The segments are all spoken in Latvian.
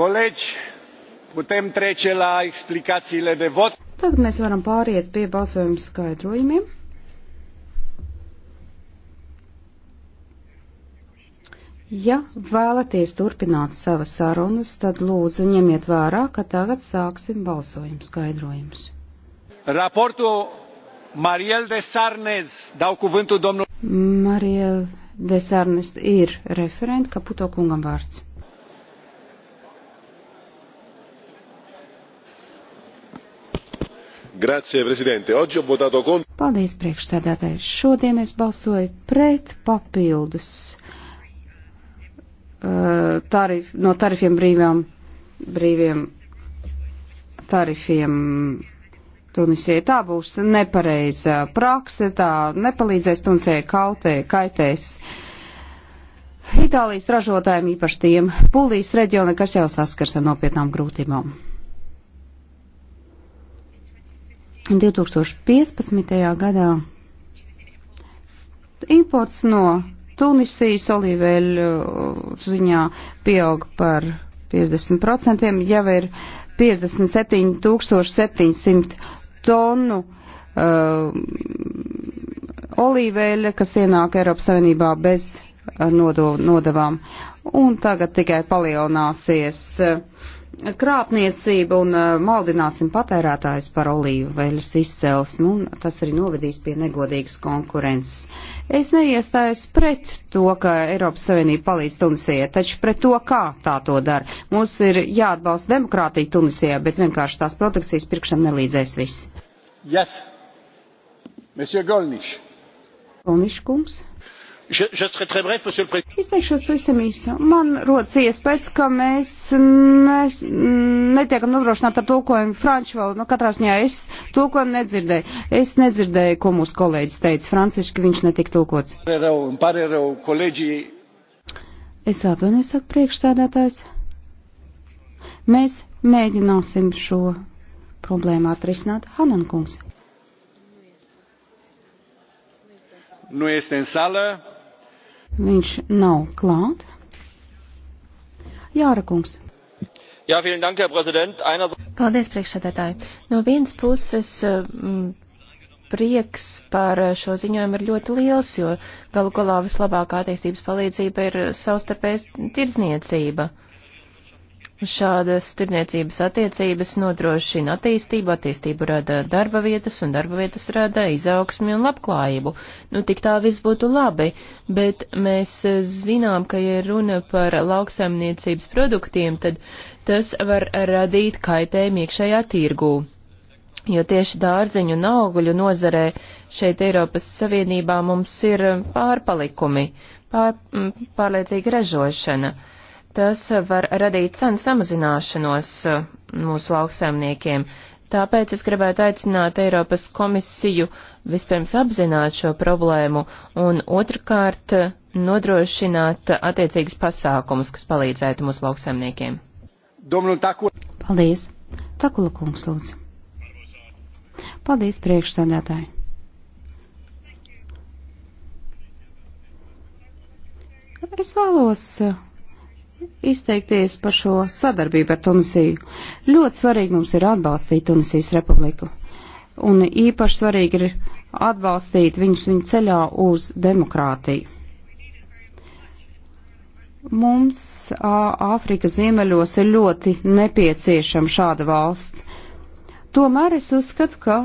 Kolēģi, putem trece la explicațiile de vot. Tagad mēs varam pāriet pie balsojuma skaidrojumiem. Ja vēlaties turpināt savas sarunas, tad lūdzu ņemiet vērā, ka tagad sāksim balsojumu skaidrojumus. Raportu Mariel de Sarnes, dau cuvântul domnul. Mariel de Sarnes ir referent, Kaputo kungam vārds. Grazie, prezidente. Oggi ho votato contro. Paldies, priekšsēdētāji. Šodien es balsoju pret papildus eh, tarif, no tarifiem brīviem, brīviem tarifiem Tunisijai. Tā būs nepareiza prakse, tā nepalīdzēs Tunisijai kautē, kaitēs. Itālijas ražotājiem, īpaši tiem Polijas reģiona, kas jau saskars ar nopietnām grūtībām. 2015. gadā imports no Tunisijas olīveļu uh, ziņā pieaug par 50%, jau ir 57,700 tonu uh, olīveļa, kas ienāk Eiropas Savienībā bez uh, nodo, nodavām. Un tagad tikai palielināsies. Uh, krāpniecību un eh, maldināsim patērētājs par olīvu veļas izcelsmi, un tas arī novedīs pie negodīgas konkurences. Es neiestājos pret to, ka Eiropas Savienība palīdz Tunisijai, taču pret to, kā tā to dara. Mums ir jāatbalsta demokrātija Tunisijā, bet vienkārši tās protekcijas pirkšana nelīdzēs viss. Yes. Monsieur Golniš. Golniš kungs. Izteikšos pavisam īsi. Man rodas iespējas, ka mēs ne, netiekam nodrošināt ar tulkojumu franču valodu. Nu, katrā ziņā es tulkojumu nedzirdēju. Es nedzirdēju, ko mūsu kolēģis teica franciski, viņš netika tulkots. Es atvainojos, saka priekšsēdētājs. Mēs mēģināsim šo problēmu atrisināt. Hanankungs. Nu este în sală, Viņš nav klāt. Jāra kungs. Jā, vielen dank, Herr Präsident. Einer... Paldies, priekšsēdētāji. No vienas puses. Mm, prieks par šo ziņojumu ir ļoti liels, jo galu galā vislabākā attīstības palīdzība ir savstarpējas tirdzniecība. Uh, Šādas tirniecības attiecības nodrošina attīstību, attīstību rada darba vietas, un darba vietas rada izaugsmi un labklājību. Nu, tik tā viss būtu labi, bet mēs zinām, ka, ja runa par lauksaimniecības produktiem, tad tas var radīt kaitējumu iekšējā tirgū. Jo tieši dārzeņu un augļu nozarē šeit Eiropas Savienībā mums ir pārpalikumi, pār, pārliecīga ražošana. Uh, Tas var radīt cenu samazināšanos uh, mūsu lauksaimniekiem. Tāpēc es gribētu aicināt Eiropas komisiju vispirms apzināt šo problēmu un otrkārt uh, nodrošināt uh, attiecīgus pasākumus, kas palīdzētu mūsu lauksaimniekiem. Paldies! Takula kungs lūdzu. Paldies priekšsādātāji! Es vēlos izteikties par šo sadarbību ar Tunisiju. Ļoti svarīgi mums ir atbalstīt Tunisijas republiku. Un īpaši svarīgi ir atbalstīt viņus viņu ceļā uz demokrātiju. Mums Āfrikas ziemeļos ir ļoti nepieciešama šāda valsts. Tomēr es uzskatu, ka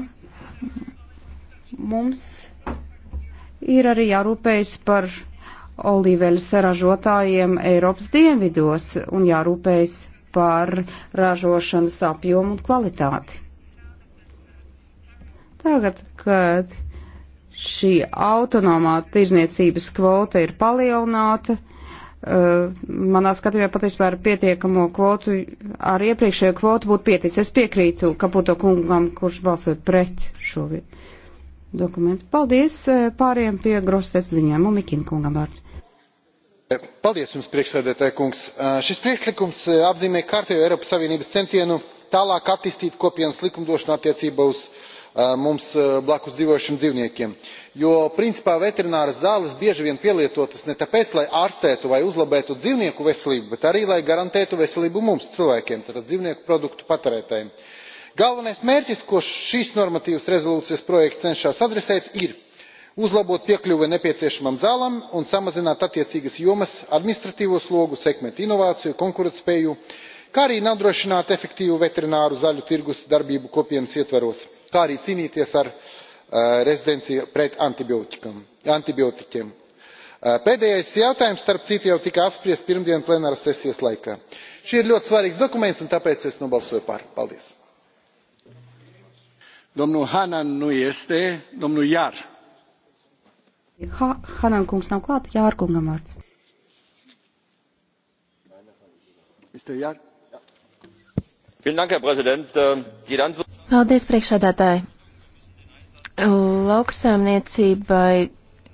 mums ir arī jārūpējas par olīveļas ražotājiem Eiropas dienvidos un jārūpējas par ražošanas apjomu un kvalitāti. Tagad, kad šī autonomā tirzniecības kvota ir palielināta, eh, manā skatījumā patiesībā ar pietiekamo kvotu, ar iepriekšējo kvotu būtu pieticis. Es piekrītu Kaputo kungam, kurš balsoja pret šo vietu dokumentu. Paldies eh, pāriem pie grostec ziņām. Mumikina kungam vārds. Eh, paldies jums, priekšsēdētāji kungs. Eh, šis priekšlikums apzīmē kārtējo Eiropas Savienības centienu tālāk attīstīt kopienas likumdošanu attiecībā uz mums blakus dzīvojošiem dzīvniekiem jo principā veterināras zāles bieži vien pielietotas ne tāpēc lai ārstētu vai uzlabotu dzīvnieku veselību bet arī lai garantētu veselību mums cilvēkiem tātad dzīvnieku produktu patērētājiem galvenais mērķis ko šīs normatīvas rezolūcijas projekts cenšas adresēt ir uzlabot piekļuvi nepieciešamam zālam un samazināt attiecīgas jomas administratīvo slogu sekmēt inovāciju konkurētspēju kā arī nodrošināt efektīvu veterināru zāļu tirgus darbību kopienas ietvaros kā arī cīnīties ar rezistenci pret antibiotikiem. pēdējais jautājums starp citu jau tika apspriests pirmdienas plenāras sesijas laikā. šis ir ļoti svarīgs dokuments un tāpēc es nobalsoju par. paldies! Domnul Hanan nu este, domnul Jār. Ha, Hanan kungs nav klāt, Jār kungam vārds. Äh, Paldies, priekšsēdētāji. Lauksaimniecībai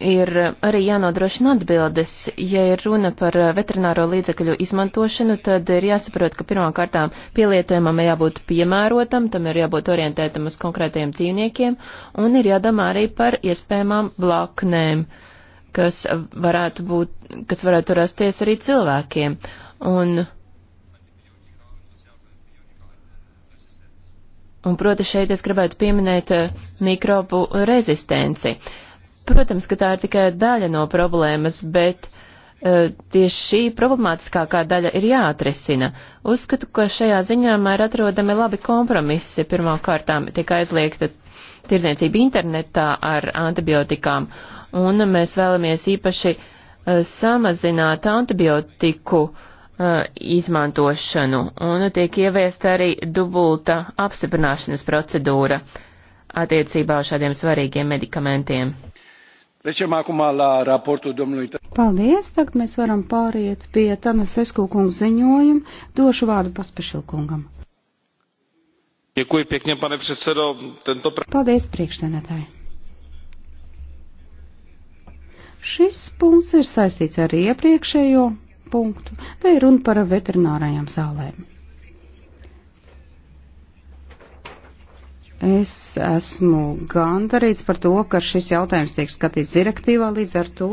ir arī jānodrošina atbildes. Ja ir runa par veterināro līdzekļu izmantošanu, tad ir jāsaprot, ka pirmkārtām pielietojumam jābūt piemērotam, tam ir jābūt orientētam uz konkrētajiem dzīvniekiem, un ir jādomā arī par iespējamām blaknēm, kas varētu, būt, kas varētu rasties arī cilvēkiem. Un, un proti šeit es gribētu pieminēt mikrobu rezistenci. Uh, Protams, ka tā ir tikai daļa no problēmas, bet uh, tieši šī problemātiskākā daļa ir jāatrisina. Uzskatu, ka šajā ziņojumā ir atrodami labi kompromisi. Pirmām kārtām tiek aizliegta tirdzniecība internetā ar antibiotikām, un mēs vēlamies īpaši uh, samazināt antibiotiku uh, izmantošanu, un tiek ieviesta arī dubulta apstiprināšanas procedūra attiecībā uz šādiem svarīgiem medikamentiem. Paldies, tagad mēs varam pāriet pie Tanas Esku kungu ziņojumu. Došu vārdu Paspešilkungam. Děkuji pěkně, pane předsedo. Tento... Paldies, priekšsēdētāji. Šis punkts ir saistīts ar iepriekšējo punktu. Te ir runa par veterinārajām zālēm. Es esmu gandarīts par to, ka šis jautājums tiek skatīts direktīvā, līdz ar to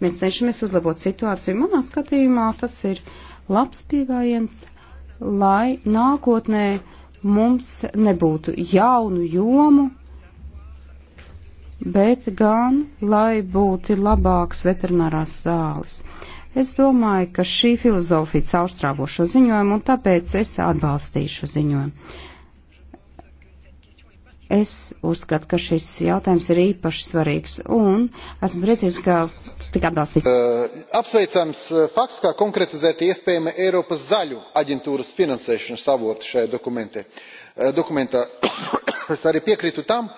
mēs cenšamies uzlabot situāciju. Manā skatījumā tas ir labs pieejams, lai nākotnē mums nebūtu jaunu jomu, bet gan, lai būtu labāks veterinārās zāles. Es domāju, ka šī filozofija caurstrāvo šo ziņojumu, un tāpēc es atbalstīšu ziņojumu. Es uzskatu, ka šis jautājums ir īpaši svarīgs un esmu priecīgs, ka tika atbalstīts. Uh, apsveicams uh, fakts, kā konkretizēti iespējami Eiropas zaļu aģentūras finansēšanas avoti šajā dokumentē. Uh, dokumentā es arī piekrītu tam uh,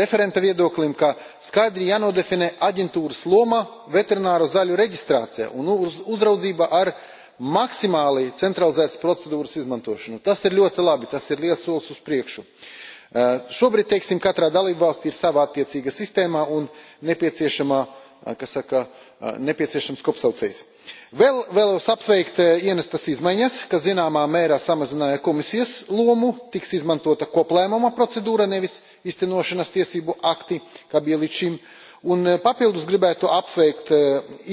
referenta viedoklim, ka skaidri jānodefinē aģentūras loma veterināro zaļu reģistrācijā un uz, uzraudzībā ar maksimāli centralizētas procedūras izmantošanu. Tas ir ļoti labi, tas ir liels solis uz priekšu Eh, šobrīd teiksim katrā dalībvalstī ir sava attiecīga sistēma un nepieciešamā eh, kas saka, eh, nepieciešams kopsaucējs. Vēl vēlos apsveikt ienestas izmaiņas, kas zināmā mērā samazināja komisijas lomu, tiks izmantota koplēmuma procedūra, nevis iztenošanas tiesību akti, kā bija līdz šim. Un papildus gribētu apsveikt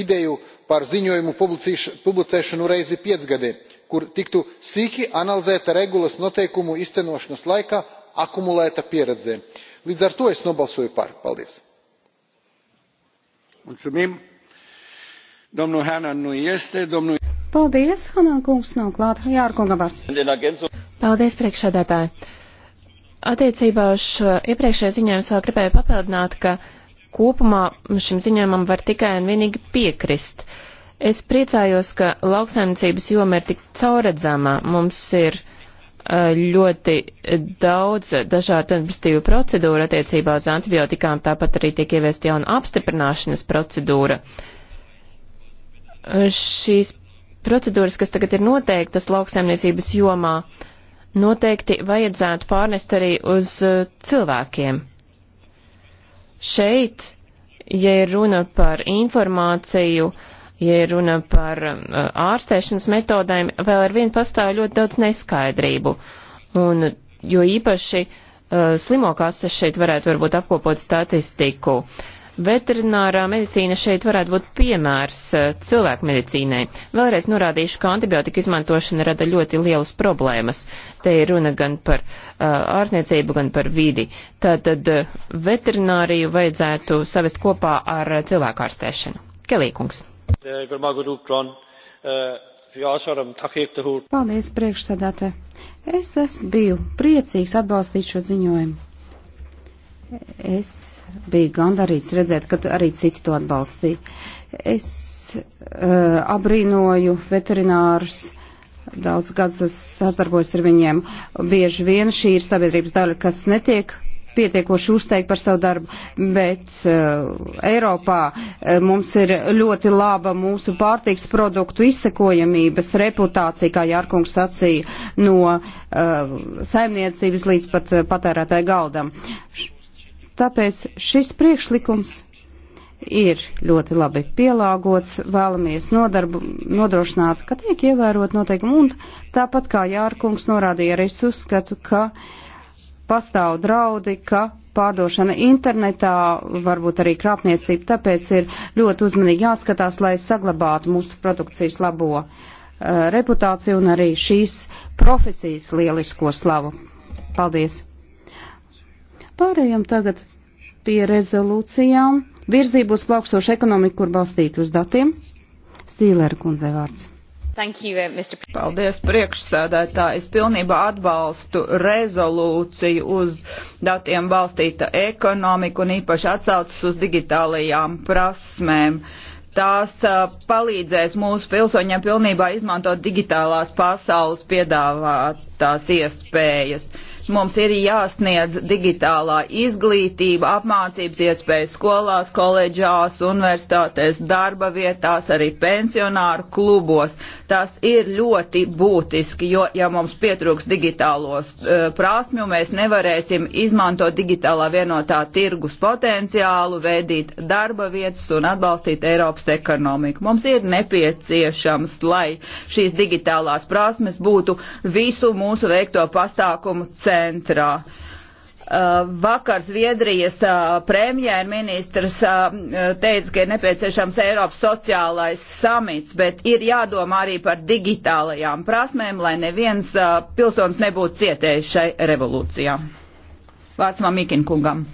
ideju par ziņojumu publicēšanu reizi piecgadē, kur tiktu sīki analizēta regulas noteikumu iztenošanas laikā akumulēta pieredze. līdz ar to es nobalsoju par. paldies! Nu paldies, Hanan kungs nav klāt. Jārkunga vārds. Paldies, priekšsēdētāji. Attiecībā uz iepriekšējo ziņojumu vēl gribēju papildināt, ka kopumā šim ziņojumam var tikai un vienīgi piekrist. Es priecājos, ka lauksaimniecības joma ir tik cauredzama. Mums ir uh, Eh, ļoti daudz dažādu administratīvu procedūru attiecībā uz antibiotikām, tāpat arī tiek ieviest jauna apstiprināšanas procedūra. Eh, šīs procedūras, kas tagad ir noteiktas lauksaimniecības jomā, noteikti vajadzētu pārnest arī uz eh, cilvēkiem. Šeit, ja ir runa par informāciju, uh, ja runa par uh, ārstēšanas metodēm, vēl ar vienu pastāv ļoti daudz neskaidrību. Un, jo īpaši uh, slimokāses šeit varētu varbūt apkopot statistiku. Veterinārā medicīna šeit varētu būt piemērs uh, cilvēku medicīnai. Vēlreiz norādīšu, ka antibiotika izmantošana rada ļoti lielas problēmas. Te ir runa gan par uh, ārstniecību, gan par vidi. Tātad uh, veterināriju vajadzētu savest kopā ar uh, cilvēku ārstēšanu. Kelīkungs. Paldies, priekšsēdētāji. Es esmu biju priecīgs atbalstīt šo ziņojumu. Es biju gandarīts redzēt, ka arī citi to atbalstīja. Es uh, abrīnoju veterinārus daudz gadus esmu sadarbojies ar viņiem. Bieži vien šī ir sabiedrības daļa, kas netiek pietiekoši uzteikt par savu darbu, bet uh, Eiropā uh, mums ir ļoti laba mūsu pārtiks produktu izsekojamības reputācija, kā Jārkungs sacīja, no uh, saimniecības līdz pat uh, patērētāju galdam. Tāpēc šis priekšlikums ir ļoti labi pielāgots, vēlamies nodarbu, nodrošināt, ka tiek ievērot noteikumi, un tāpat kā Jārkungs norādīja, arī es uzskatu, ka uh, pastāv draudi, ka pārdošana internetā, varbūt arī krāpniecība, tāpēc ir ļoti uzmanīgi jāskatās, lai saglabātu mūsu produkcijas labo uh, reputāciju un arī šīs profesijas lielisko slavu. Paldies! Pārējām tagad pie rezolūcijām. Virzību uz plaukstošu ekonomiku, kur balstīt uz datiem. Stīlera kundze vārds. Uh, Paldies, priekšsēdētāji. Es pilnībā atbalstu rezolūciju uz datiem balstīta ekonomiku un īpaši atsaucas uz digitālajām prasmēm. Tās uh, palīdzēs mūsu pilsoņiem pilnībā izmantot digitālās pasaules piedāvātās iespējas Mums ir jāsniedz digitālā izglītība, apmācības iespējas skolās, koledžās, universitātēs, darba vietās, arī pensionāru klubos. Tas ir ļoti būtiski, jo ja mums pietrūks digitālos uh, prasmju, mēs nevarēsim izmantot digitālā vienotā tirgus potenciālu, veidīt darba vietas un atbalstīt Eiropas ekonomiku. Mums ir nepieciešams, lai šīs digitālās prasmes būtu visu mūsu veikto pasākumu centrā centrā. Uh, vakar Zviedrijas uh, premjerministrs uh, teica, ka ir nepieciešams Eiropas sociālais samits, bet ir jādomā arī par digitālajām prasmēm, lai neviens pilsonis nebūtu cietējis šai revolūcijā. Vārds Mamikin kungam.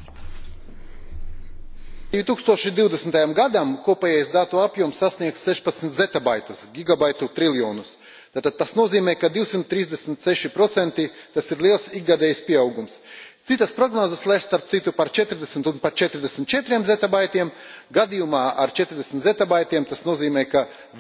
2020. gadam kopējais datu apjoms sasniegs 16 zetabaitus, gigabaitu triljonus tātad tas nozīmē ka divsimt trīsdesmit seši procenti tas ir liels ikgadējs pieaugums. citas prognozes lēš starp citu par četrdesmit un pat četrdesmit četriem zetabaitiem gadījumā ar četrdesmit zetabaitiem tas nozīmē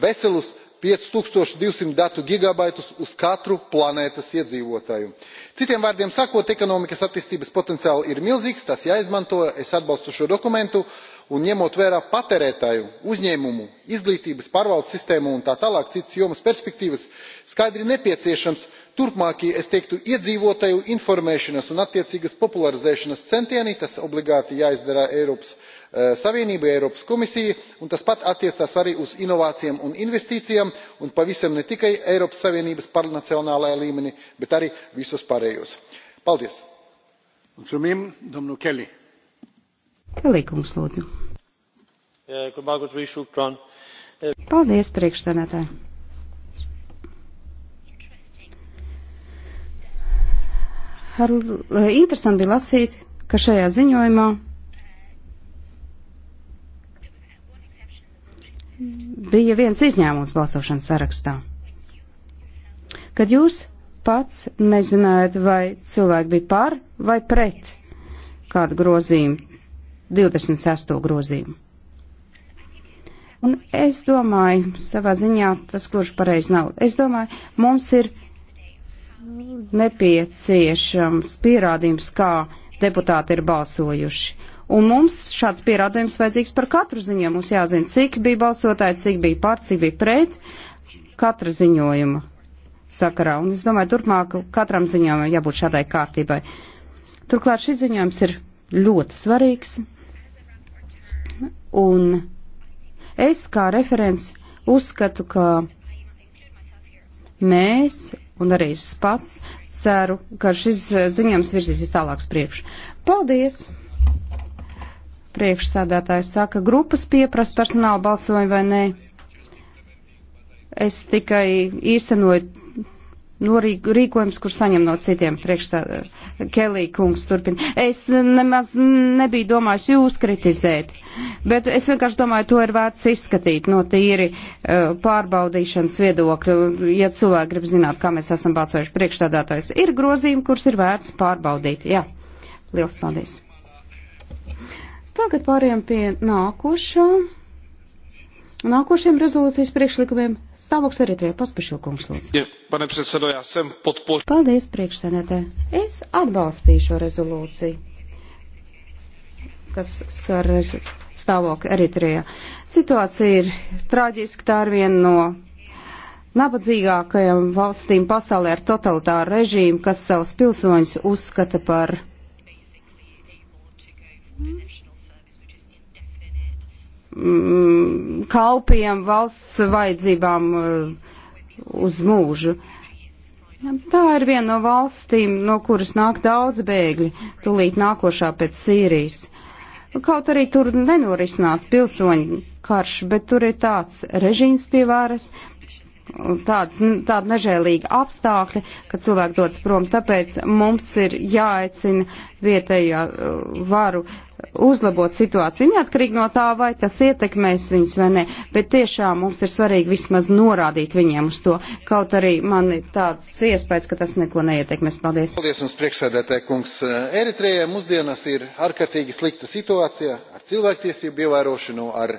veselus pieci tūkstoši divsimt datu gigabaitus uz katru planētas iedzīvotāju. citiem vārdiem sakot ekonomikas attīstības potenciāls ir milzīgs tas jāizmanto es atbalstu šo dokumentu un ņemot vērā patērētāju uzņēmumu izglītības pārvaldes sistēmu un tā tālāk citas jomas perspektīvas skaidri nepieciešams turpmākie es teiktu iedzīvotāju informēšanas un attiecīgas popularizēšanas centieni tas obligāti jāizdara eiropas eh, savienībai eiropas komisijai un tas pat attiecās arī uz inovācijām un investīcijām un pavisam ne tikai eiropas savienības pārnacionālajā līmenī bet arī visos pārējos. paldies! Telīkums lūdzu. Paldies, priekšstādātāji. Ar, eh, interesanti bija lasīt, ka šajā ziņojumā bija viens izņēmums balsošanas sarakstā. Kad jūs pats nezinājāt, vai cilvēki bija par vai pret kādu grozījumu, 26. grozījumu. Un es domāju, savā ziņā tas gluži pareizi nav. Es domāju, mums ir nepieciešams pierādījums, kā deputāti ir balsojuši. Un mums šāds pierādījums vajadzīgs par katru ziņojumu. Mums jāzina, cik bija balsotāji, cik bija par, cik bija pret katra ziņojuma sakarā. Un es domāju, turpmāk katram ziņojumam jābūt šādai kārtībai. Turklāt šis ziņojums ir ļoti svarīgs, un es kā referents uzskatu, ka mēs un arī es pats ceru, ka šis ziņojums virzīsies tālāks priekš. Paldies! Priekšsādātājs saka, grupas pieprasa personāla balsojumu vai nē. Es tikai īstenoju norīkojums, kur saņem no citiem priekšstādājiem. Kelī kungs turpina. Es nemaz nebiju domājis jūs kritizēt, bet es vienkārši domāju, to ir vērts izskatīt no tīri e, pārbaudīšanas viedokļa, ja cilvēki grib zināt, kā mēs esam balsojuši priekšstādātājs. Ir grozījumi, kurus ir vērts pārbaudīt. Jā, liels paldies. Tagad pāriem pie nākušā. Nākošiem rezolūcijas priekšlikumiem stāvoklis arī trijā paspašilkums lūdzu. Pane predsedo, jā, sem podpoš. Paldies, priekšsenētē. Es atbalstīšu šo rezolūciju, kas skar stāvokli Eritrijā. Situācija ir traģiska, tā ir viena no nabadzīgākajām valstīm pasaulē ar totalitāru režīmu, kas savus pilsoņus uzskata par mm, kalpiem valsts vajadzībām eh, uz mūžu. Tā ir viena no valstīm, no kuras nāk daudz bēgļi, tūlīt nākošā pēc Sīrijas. Kaut arī tur nenorisinās pilsoņu karš, bet tur ir tāds režīms pie varas, tāds, tāda nežēlīga apstākļa, ka cilvēki dodas prom. Tāpēc mums ir jāaicina vietējā uh, varu uzlabot situāciju, neatkarīgi no tā, vai tas ietekmēs viņus vai nē. Bet tiešām mums ir svarīgi vismaz norādīt viņiem uz to, kaut arī man ir tāds iespējas, ka tas neko neietekmēs. Paldies. Paldies jums, priekšsēdētāji kungs. Eritrējai mūsdienās ir ārkārtīgi slikta situācija ar cilvēktiesību ievērošanu, ar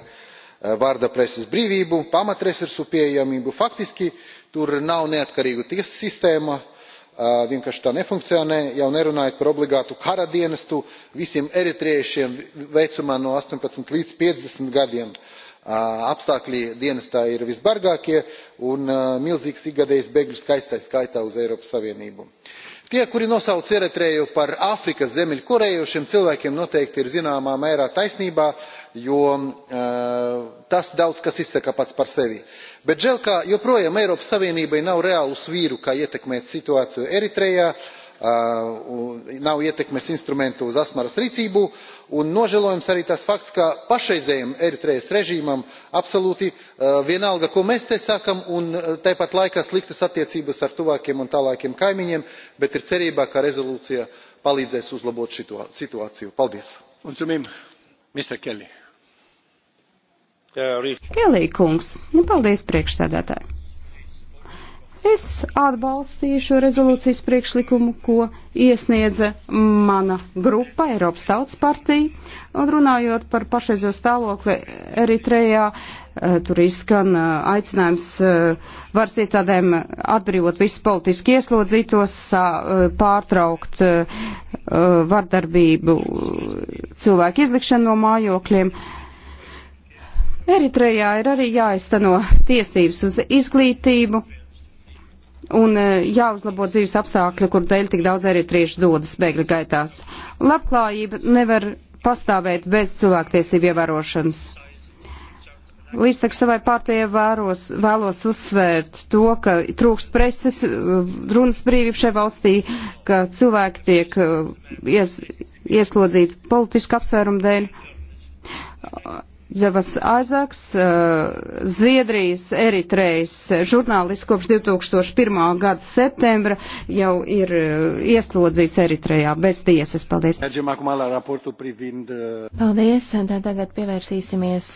Eh, vārda preses brīvību pamatresursu pieejamību. faktiski tur nav neatkarīgu tiesu sistēmu eh, vienkārši tā nefunkcionē jau nerunājot par obligātu kara dienestu visiem eritrejiešiem vecumā no astoņpadsmit līdz piecdesmit gadiem eh, apstākļi dienestā ir visbargākie un milzīgs ikgadējs bēgļu skaits tai skaitā uz eiropas savienību tie kuri nosauca eritreju par āfrikas ziemeļkoreju šiem cilvēkiem noteikti ir zināmā mērā taisnība jo e, tas daudz kas izsaka pats par sevi bet žēl ka joprojām eiropas savienībai nav reālu svīru kā ietekmēt situāciju eritrejā. Eh, nav ietekmes instrumentu uz asmaras rīcību un nožēlojams arī tas fakts ka pašreizējam eritrejas režīmam absolūti eh, vienalga ko mēs te sakam un eh, tāpat laikā sliktas attiecības ar tuvākiem un tālākiem kaimiņiem bet ir cerība ka rezolūcija palīdzēs uzlabot situāciju. paldies! Kelly kungs, nu, paldies priekšsēdētāji! Es atbalstīšu rezolūcijas priekšlikumu, ko iesniedza mana grupa Eiropas Tautas partija. Un runājot par pašreizo stāvokli Eritrejā, eh, tur izskan eh, aicinājums eh, varas iestādēm atbrīvot visus politiski ieslodzītos, pārtraukt vardarbību, cilvēku izlikšanu no mājokļiem. Eritrejā ir arī jāizteno tiesības uz izglītību un e, jāuzlabo dzīves apstākļi, kur dēļ tik daudz eritriešu dodas bēgļu gaitās. Labklājība nevar pastāvēt bez cilvēktiesību ievērošanas. Līdz tak savai pārtējai vēros, vēlos uzsvērt to, ka trūkst preses, e, runas brīvība šai valstī, ka cilvēki tiek e, ies, ieslodzīti politisku apsvērumu dēļ. Devas Aizaks, uh, Zviedrijas Eritrejas žurnālists kopš 2001. gada septembra jau ir uh, ieslodzīts Eritrejā bez tiesas. Paldies. Uh, Paldies, un tagad pievērsīsimies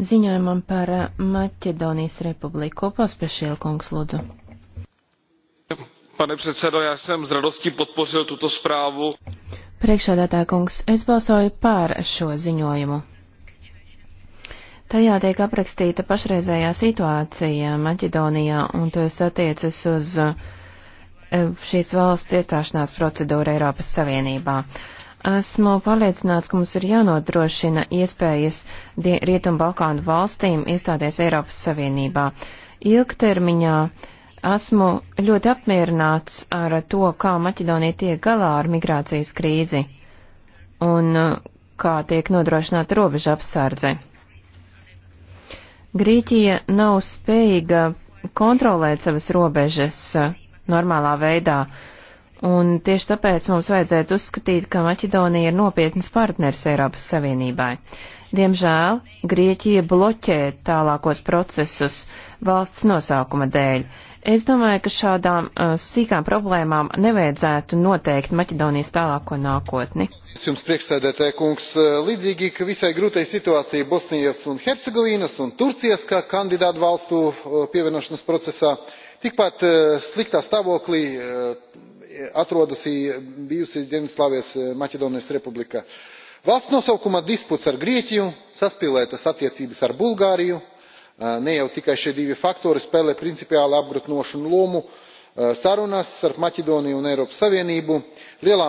ziņojumam par Maķedonijas republiku. Pospešīl kungs, lūdzu. Pane předsedo, já jsem s radostí podpořil tuto zprávu. Priekšādātā kungs, es balsoju pār šo ziņojumu. Tajā tiek aprakstīta pašreizējā situācija Maķedonijā, un tas attiecas uz eh, šīs valsts iestāšanās procedūru Eiropas Savienībā. Esmu pārliecināts, ka mums ir jānodrošina iespējas Rietumbalkānu valstīm iestāties Eiropas Savienībā. Ilgtermiņā esmu ļoti apmierināts ar to, kā Maķedonija tiek galā ar migrācijas krīzi un eh, kā tiek nodrošināta robeža apsardze. Grieķija nav spējīga kontrolēt savas robežas uh, normālā veidā, un tieši tāpēc mums vajadzētu uzskatīt, ka Maķedonija ir nopietnas partners Eiropas Savienībai. Diemžēl Grieķija bloķē tālākos procesus valsts nosaukuma dēļ. Es domāju, ka šādām uh, sīkām problēmām nevajadzētu noteikt Maķedonijas tālāko nākotni. Es jums priekšsēdētāju kungs uh, līdzīgi, ka visai grūtai situācijai Bosnijas un Hercegovinas un Turcijas kā kandidātu valstu uh, pievienošanas procesā, tikpat uh, sliktā stāvoklī uh, atrodas bijusi Dienvidslāvijas uh, Maķedonijas republika. Valsts nosaukuma disputs ar Grieķiju, saspīlētas attiecības ar Bulgāriju, Eh, ne jau tikai šie divi faktori spēlē principiāli apgrūtinošu lomu eh, sarunās starp maķedoniju un eiropas savienību lielā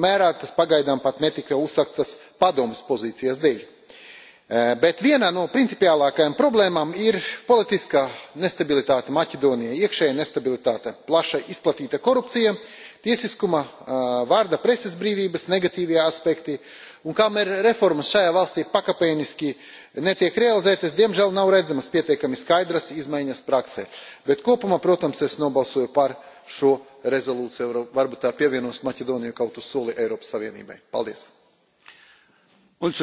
mērā tas pagaidām pat netika uzsvērts padomes pozīcijas dēļ. Eh, bet viena no principiālākajām problēmām ir politiskā nestabilitāte maķedonijā iekšējā nestabilitāte plaši izplatīta korupcija tiesiskuma vārda preses brīvības negatīvie aspekti un kamēr reformas šajā valstī pakāpeniski netiek realizētas diemžēl nav redzamas pietiekami skaidras izmaiņas praksē bet kopumā protams es nobalsoju par šo rezolūciju varbūt tā pievienos maķedoniju kaut uz soli eiropas savienībai. paldies!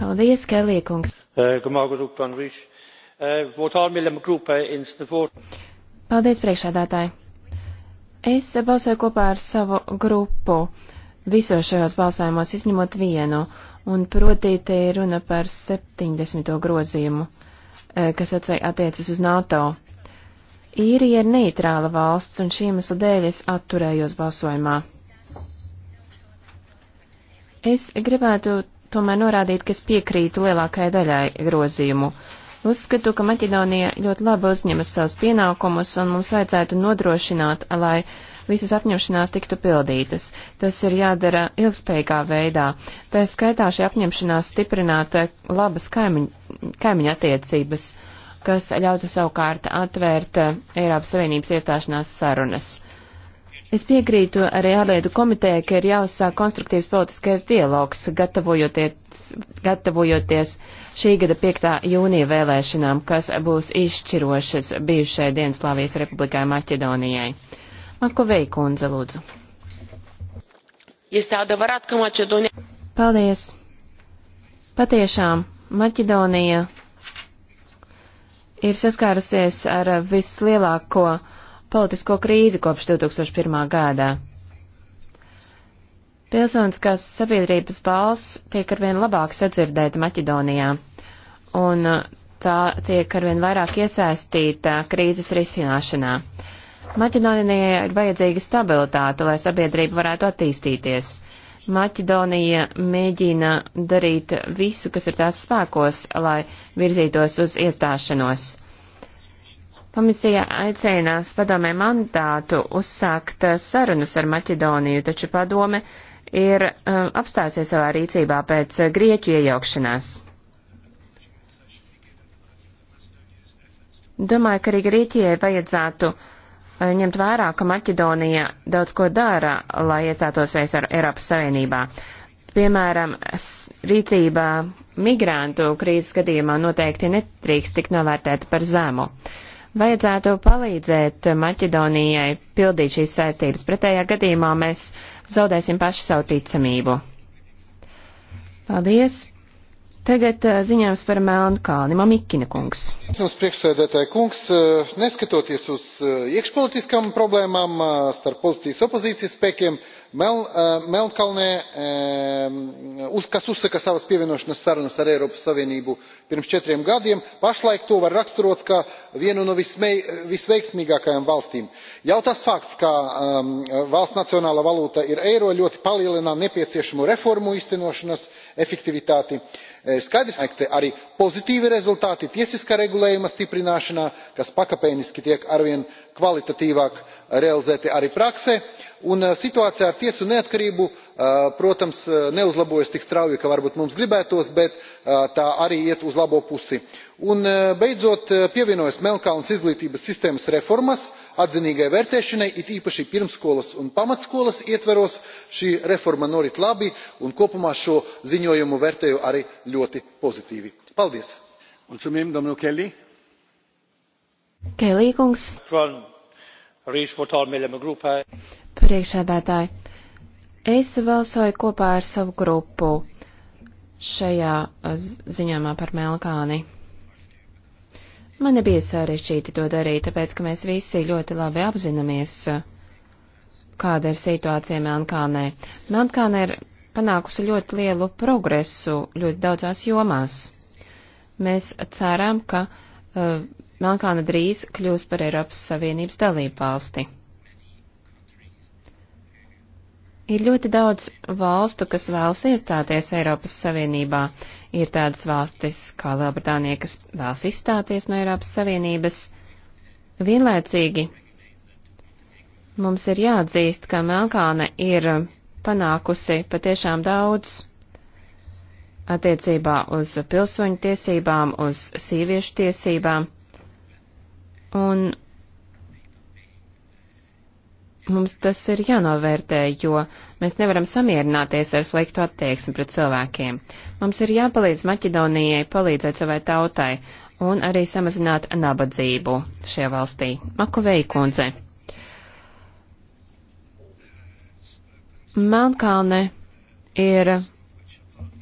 paldies kelly kungs! Eh, eh, paldies priekšsēdētāji! Es balsoju kopā ar savu grupu visos šajos balsājumos, izņemot vienu, un proti te ir runa par 70. grozījumu, eh, kas attiecas uz NATO. Īrija ir neitrāla valsts, un šī iemesla dēļ es atturējos balsojumā. Es gribētu tomēr norādīt, ka es piekrītu lielākajai daļai grozījumu. Uh, Uzskatu, ka Maķedonija ļoti labi uzņemas savus pienākumus un mums vajadzētu nodrošināt, lai visas apņemšanās tiktu pildītas. Tas ir jādara ilgspējīgā veidā. Tā skaitā šī apņemšanās stiprināt eh, labas kaimiņ, kaimiņa attiecības, kas ļautu savukārt atvērt eh, Eiropas Savienības iestāšanās sarunas. Es piekrītu arī ārlietu komitejai, ka ir jāuzsāk konstruktīvs politiskais dialogs, gatavojoties, gatavojoties šī gada 5. jūnija vēlēšanām, kas būs izšķirošas bijušai Dienaslāvijas republikai Maķedonijai. Makovei kundze, lūdzu. Paldies. Patiešām, Maķedonija ir saskārusies ar vislielāko politisko krīzi kopš 2001. gadā. Pilsoniskās sabiedrības balss tiek arvien labāk sadzirdēta Maķedonijā, un uh, tā tiek arvien vairāk iesaistīta krīzes risināšanā. Maķedonijai ir vajadzīga stabilitāte, lai sabiedrība varētu attīstīties. Maķedonija mēģina darīt visu, kas ir tās spēkos, lai virzītos uz iestāšanos. Komisija aicinās padomē mandātu uzsākt uh, sarunas ar Maķedoniju, taču padome ir um, apstājusies savā rīcībā pēc uh, Grieķu iejaukšanās. Domāju, ka arī Grieķijai vajadzētu ņemt vērā, ka Maķedonija daudz ko dara, lai iestātos vairs ar Eiropas Savienībā. Piemēram, rīcībā migrantu krīzes gadījumā noteikti netrīkst tik novērtēta par zemu. Uh, vajadzētu palīdzēt Maķedonijai pildīt šīs saistības. Pretējā gadījumā mēs zaudēsim paši savu ticamību. Paldies! Tagad eh, ziņojums par Melnkalni. Mamikina kungs. Jums priekšsēdētāji kungs, eh, neskatoties uz eh, iekšpolitiskām problēmām starp pozīcijas opozīcijas spēkiem, Mel, e, Melnkalnē, uz, kas uzsaka savas pievienošanās sarunas ar Eiropas Savienību pirms četriem gadiem, pašlaik to var raksturot kā vienu no vismei, visveiksmīgākajām valstīm. Jau tas fakts, ka um, valsts nacionālā valūta ir eiro, ļoti palielina nepieciešamo reformu īstenošanas efektivitāti. E, skaidrs, ka arī pozitīvi rezultāti tiesiskā regulējuma stiprināšanā, kas pakāpeniski tiek arvien kvalitatīvāk realizēti arī praksē un eh, situācija ar tiesu neatkarību eh, protams eh, neuzlabojas tik strauji kā varbūt mums gribētos bet tā arī iet uz labo pusi. un beidzot pievienojos melnkalnes izglītības sistēmas reformas atzinīgai vērtēšanai it īpaši pirmsskolas un pamatskolas ietvaros šī reforma norit labi un kopumā šo ziņojumu vērtēju arī ļoti pozitīvi. paldies! kelly kungs. Priekšēdētāji, es balsoju kopā ar savu grupu šajā ziņojumā par Melkāni. Man nebija sarežģīti to darīt, tāpēc, ka mēs visi ļoti labi apzināmies, kāda ir situācija Melnkānē. Melnkāna ir panākusi ļoti lielu progresu ļoti daudzās jomās. Mēs ceram, ka uh, Melnkāna drīz kļūs par Eiropas Savienības dalību valsti. Ir ļoti daudz valstu, kas vēlas iestāties Eiropas Savienībā. Ir tādas valstis kā Lielbritānija, kas vēlas izstāties no Eiropas Savienības. Vienlaicīgi mums ir jāatzīst, ka Melkāne ir panākusi patiešām daudz attiecībā uz pilsoņu tiesībām, uz sieviešu tiesībām, un mums tas ir jānovērtē, jo mēs nevaram samierināties ar sliktu attieksmi pret cilvēkiem. Mums ir jāpalīdz Maķedonijai palīdzēt savai tautai un arī samazināt nabadzību šajā valstī. Makovei kundze. Melnkalne ir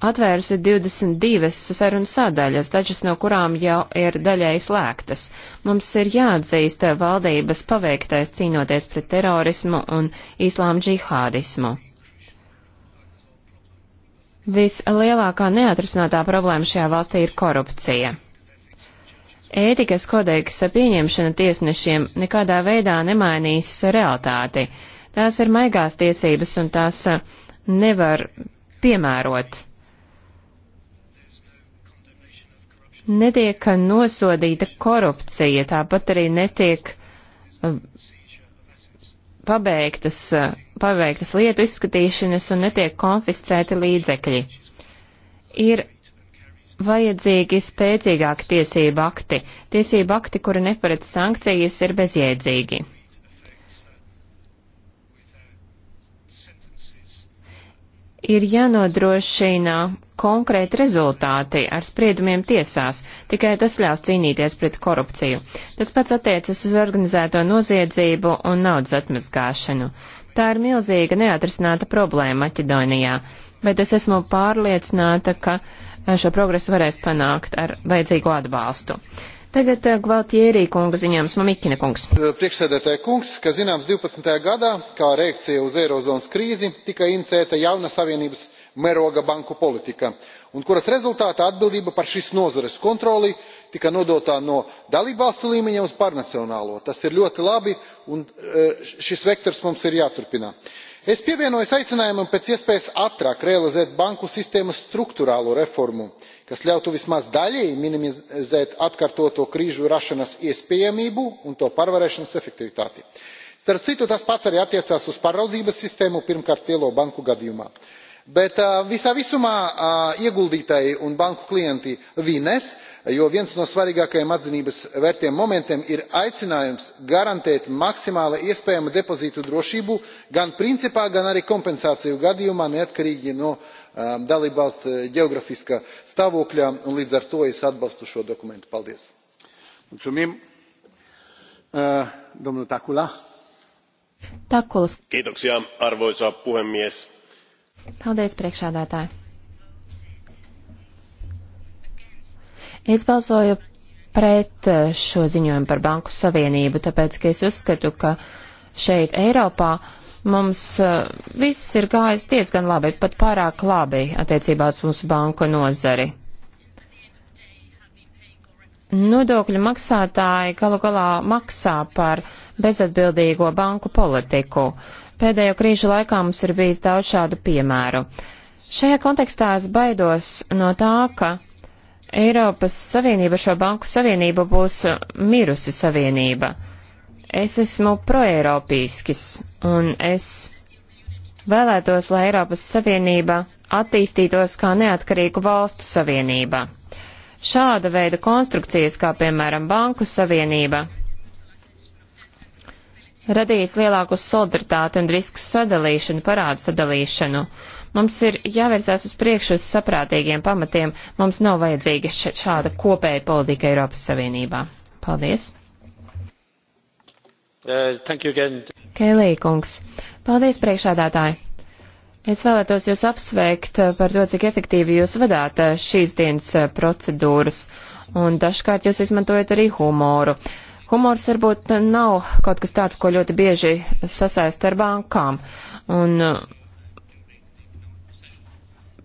atvērusi 22 sarunas sādaļas, dažas no kurām jau ir daļai slēgtas. Mums ir jāatzīst valdības paveiktais cīnoties pret terorismu un islām džihādismu. Vislielākā neatrisinātā problēma šajā valstī ir korupcija. Ētikas kodeksa pieņemšana tiesnešiem nekādā veidā nemainīs realitāti. Tās ir maigās tiesības un tās nevar piemērot netiek nosodīta korupcija, tāpat arī netiek um, pabeigtas, uh, pabeigtas lietu izskatīšanas un netiek konfiscēti līdzekļi. Ir vajadzīgi spēcīgāki tiesību akti. Tiesību akti, kuri neparedz sankcijas, ir bezjēdzīgi. ir jānodrošina konkrēti rezultāti ar spriedumiem tiesās, tikai tas ļaus cīnīties pret korupciju. Tas pats attiecas uz organizēto noziedzību un naudas atmazgāšanu. Tā ir milzīga neatrisināta problēma Maķedonijā, bet es esmu pārliecināta, ka eh, šo progresu varēs panākt ar vajadzīgo atbalstu. Tagad eh, Gvaltierī kunga ziņojums Mamikina kungs. Eh, priekšsēdētāja kungs, kā zināms, 12. gadā, kā reakcija uz eirozonas krīzi, tika inicēta jauna savienības mēroga banku politika, un kuras rezultātā atbildība par šīs nozares kontroli tika nodota no dalībvalstu līmeņa uz pārnacionālo. Tas ir ļoti labi, un eh, šis vektors mums ir jāturpina es pievienojos aicinājumam pēc iespējas ātrāk realizēt banku sistēmas struktūrālo reformu kas ļautu vismaz daļēji minimizēt atkārtoto krīžu rašanās iespējamību un to pārvarēšanas efektivitāti. starp citu tas pats arī attiecās uz pārraudzības sistēmu pirmkārt lielo banku gadījumā bet visā visumā ieguldītāji un banku klienti vinēs jo viens no svarīgākajiem atzinības vērtiem momentiem ir aicinājums garantēt maksimāli iespējamu depozītu drošību gan principā gan arī kompensāciju gadījumā neatkarīgi no dalībvalsts ģeogrāfiskā stāvokļa un līdz ar to es atbalstu šo dokumentu. paldies! arvoisa puhemies Paldies, priekšādātāji. Es balsoju pret eh, šo ziņojumu par Banku Savienību, tāpēc, ka es uzskatu, ka šeit Eiropā mums eh, viss ir gājis diezgan labi, pat pārāk labi attiecībās mūsu banku nozari. Nodokļu maksātāji galu galā maksā par bezatbildīgo banku politiku. Uh, Pēdējo krīžu laikā mums ir bijis daudz šādu piemēru. Šajā kontekstā es baidos no tā, ka Eiropas Savienība šo banku savienību būs mirusi savienība. Es esmu proeiropīskis un es vēlētos, lai Eiropas Savienība attīstītos kā neatkarīgu valstu savienība. Šāda veida konstrukcijas, kā piemēram Banku Savienība, radījis lielāku solidaritāti un risku sadalīšanu, parādu sadalīšanu. Mums ir jāvērsās uz priekšu uz saprātīgiem pamatiem, mums nav vajadzīga šāda kopēja politika Eiropas Savienībā. Paldies! Uh, Kēlī kungs, paldies priekšādātāji! Es vēlētos jūs apsveikt uh, par to, cik efektīvi jūs vadāt uh, šīs dienas uh, procedūras, un dažkārt jūs izmantojat arī humoru. Uh, Humors varbūt nav kaut kas tāds, ko ļoti bieži sasaist ar bankām. Un,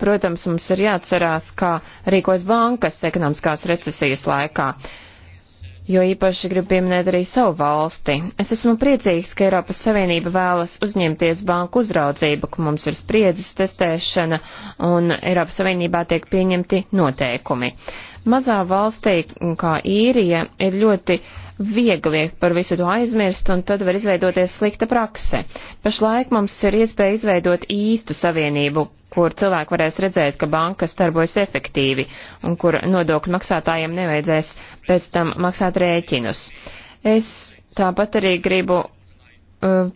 protams, mums ir jāatcerās, kā rīkos bankas ekonomiskās recesijas laikā. Jo īpaši gribu pieminēt arī savu valsti. Es esmu priecīgs, ka Eiropas Savienība vēlas uzņemties banku uzraudzību, ka mums ir spriedzes testēšana un Eiropas Savienībā tiek pieņemti noteikumi. Mazā valstī, kā īrija, ir ļoti uh, viegli par visu to aizmirst, un tad var izveidoties slikta prakse. Pašlaik mums ir iespēja izveidot īstu savienību, kur cilvēki varēs redzēt, ka bankas darbojas efektīvi, un kur nodokļu maksātājiem nevajadzēs pēc tam maksāt rēķinus. Es tāpat arī gribu uh,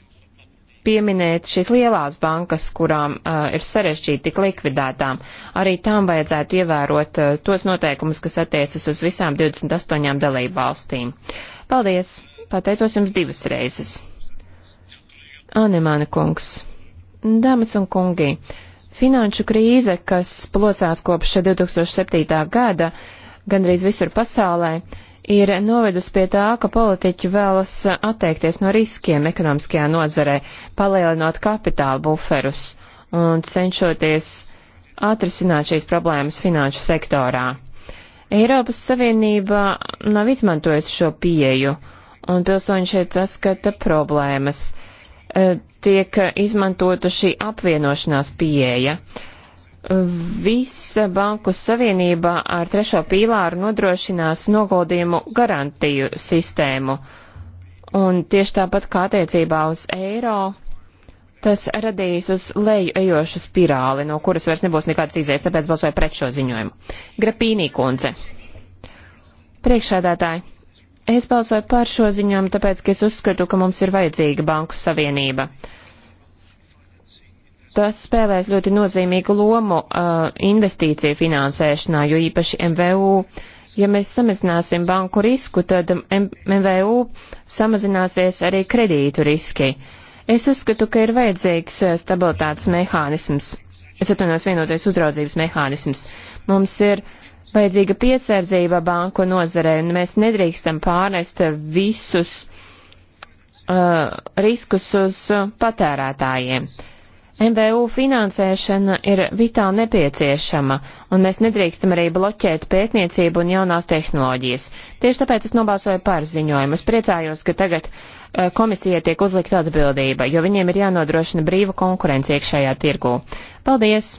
pieminēt šīs lielās bankas, kurām uh, ir sarežģīti tik likvidētām. Arī tām vajadzētu ievērot uh, tos noteikumus, kas attiecas uz visām 28 dalību valstīm. Paldies! Pateicos jums divas reizes. Anemāna kungs. Dāmas un kungi, finanšu krīze, kas plosās kopš 2007. gada gandrīz visur pasaulē, ir novedusi pie tā, ka politiķi vēlas atteikties no riskiem ekonomiskajā nozarē, palielinot kapitāla buferus un cenšoties atrisināt šīs problēmas finanšu sektorā. Eiropas Savienība nav izmantojusi šo pieju, un pilsoņi šeit saskata problēmas. E, tiek izmantota šī apvienošanās pieeja. Uh, Visa banku savienība ar trešo pīlāru nodrošinās noguldījumu garantiju sistēmu. Un tieši tāpat kā attiecībā uz eiro, tas radīs uz leju ejošu spirāli, no kuras vairs nebūs nekādas izējas, tāpēc balsoju pret šo ziņojumu. Grapīnī kundze. Priekšādātāji, es balsoju par šo ziņojumu, tāpēc, ka es uzskatu, ka mums ir vajadzīga banku savienība tas spēlēs ļoti nozīmīgu lomu uh, investīciju finansēšanā, jo īpaši MVU. Ja mēs samazināsim banku risku, tad MVU samazināsies arī kredītu riski. Es uzskatu, ka ir vajadzīgs uh, stabilitātes mehānisms. Es atvainojos vienotais uzraudzības mehānisms. Mums ir vajadzīga piesardzība banku nozarē, un mēs nedrīkstam pārnest visus uh, riskus uz uh, patērētājiem. Uh, MVU finansēšana ir vitāli nepieciešama, un mēs nedrīkstam arī bloķēt pētniecību un jaunās tehnoloģijas. Tieši tāpēc es nobalsoju par ziņojumu. Es priecājos, ka tagad eh, komisijai tiek uzlikta atbildība, jo viņiem ir jānodrošina brīva konkurence iekšējā tirgū. Paldies!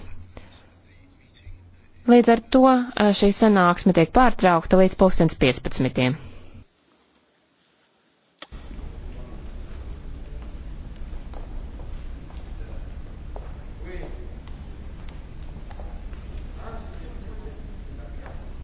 Līdz ar to eh, šī sanāksme tiek pārtraukta līdz 2015.